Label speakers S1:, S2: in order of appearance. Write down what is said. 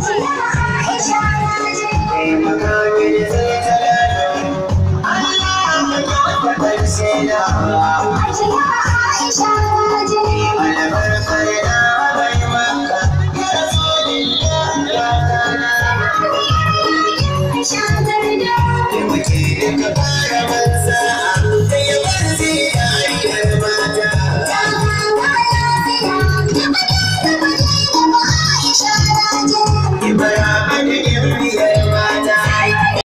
S1: Aisha, Aisha, Aisha, Aisha, Aisha, Aisha, Aisha, Aisha, Aisha, Aisha, Aisha, Aisha, Aisha, Aisha, Aisha, Aisha, Aisha, Aisha,